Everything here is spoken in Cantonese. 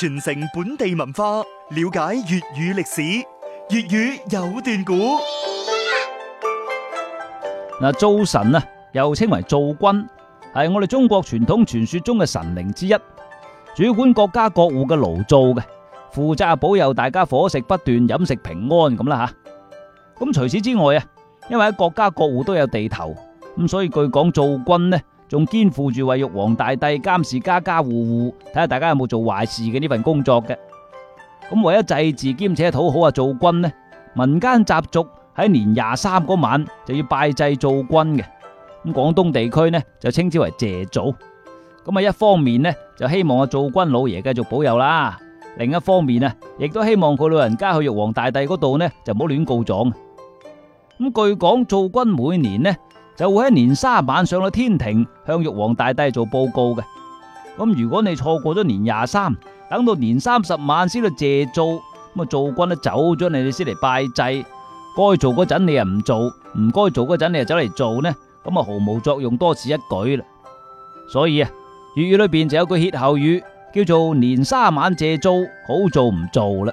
傳承本地文化，了解粵語歷史，粵語有段古。嗱，灶神啊，又稱為灶君，係我哋中國傳統傳說中嘅神靈之一，主管各家各戶嘅爐灶嘅，負責啊保佑大家伙食不斷、飲食平安咁啦吓。咁除此之外啊，因為喺各家各戶都有地頭，咁所以據講灶君呢。仲肩負住為玉皇大帝監視家家戶戶，睇下大家有冇做壞事嘅呢份工作嘅。咁為咗祭祀兼且討好啊，灶君呢，民間習俗喺年廿三嗰晚就要拜祭灶君嘅。咁廣東地區呢就稱之為謝灶。咁啊一方面呢就希望阿、啊、灶君老爺繼續保佑啦，另一方面啊亦都希望佢老人家去玉皇大帝嗰度呢就唔好亂告狀。咁據講灶君每年呢，就會喺年卅晚上到天庭向玉皇大帝做報告嘅。咁如果你錯過咗年廿三，等到年三十晚先嚟謝灶，咁啊灶君都走咗，你哋先嚟拜祭。該做嗰陣你又唔做，唔該做嗰陣你又走嚟做呢？咁啊毫無作用，多此一舉啦。所以啊，粵語裏邊就有句歇後語叫做年卅晚謝灶，好做唔做啦。